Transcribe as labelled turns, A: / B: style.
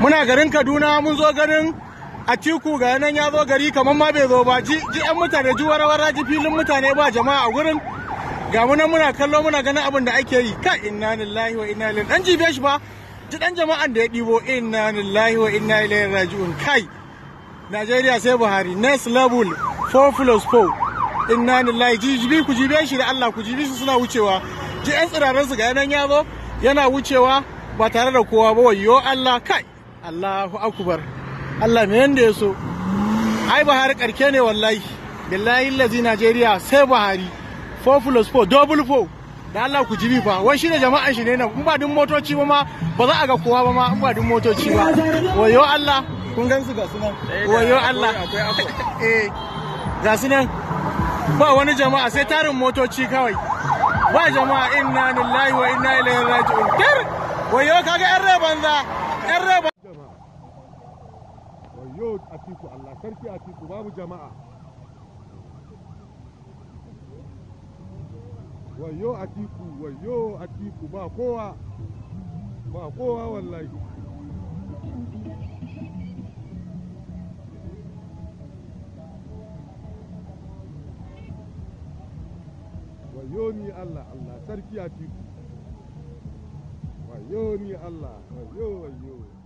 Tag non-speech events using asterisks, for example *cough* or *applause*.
A: muna garin kaduna mun zo garin atiku ga nan ya zo gari kamar ma bai zo ba ji yan mutane ji warawara ji filin mutane ba jama'a a gurin ga mu nan muna kallo muna ganin abin da ake yi ka inna lillahi wa inna ilaihi dan jibe shi ba ji dan jama'an da ya dibo inna lillahi wa inna ilaihi raji'un kai Najeriya sai Buhari next level 4 plus 4 inna lillahi jibi ku jibe shi da Allah ku jibi shi suna wucewa ji yan tsiraran su ga nan ya zo yana wucewa ba tare da kowa ba wayo Allah kai Allahu akubar Allah me yanda ya so ai Buhari karke ne wallahi billahi lazi Najeriya sai Buhari 4 plus 4 double 4 da Allah ku jibi fa wai shine jama'an shi ne na in ba din motoci ba ma ba za a ga kowa ba ma in ba din motoci ba wayo Allah kun gan su ga sunan wayo Allah eh ga *laughs* eh, sunan ba wani jama'a sai tarin motoci kawai ba jama'a inna lillahi wa inna ilaihi raji'un wayo kaga yan banza yan raba
B: wayo atiku Allah sarki atiku babu jama'a wayo atiku wayo atiku ba kowa ba kowa wallahi
C: wayo ni Allah Allah sarki atiku wayo ni Allah wayo wayo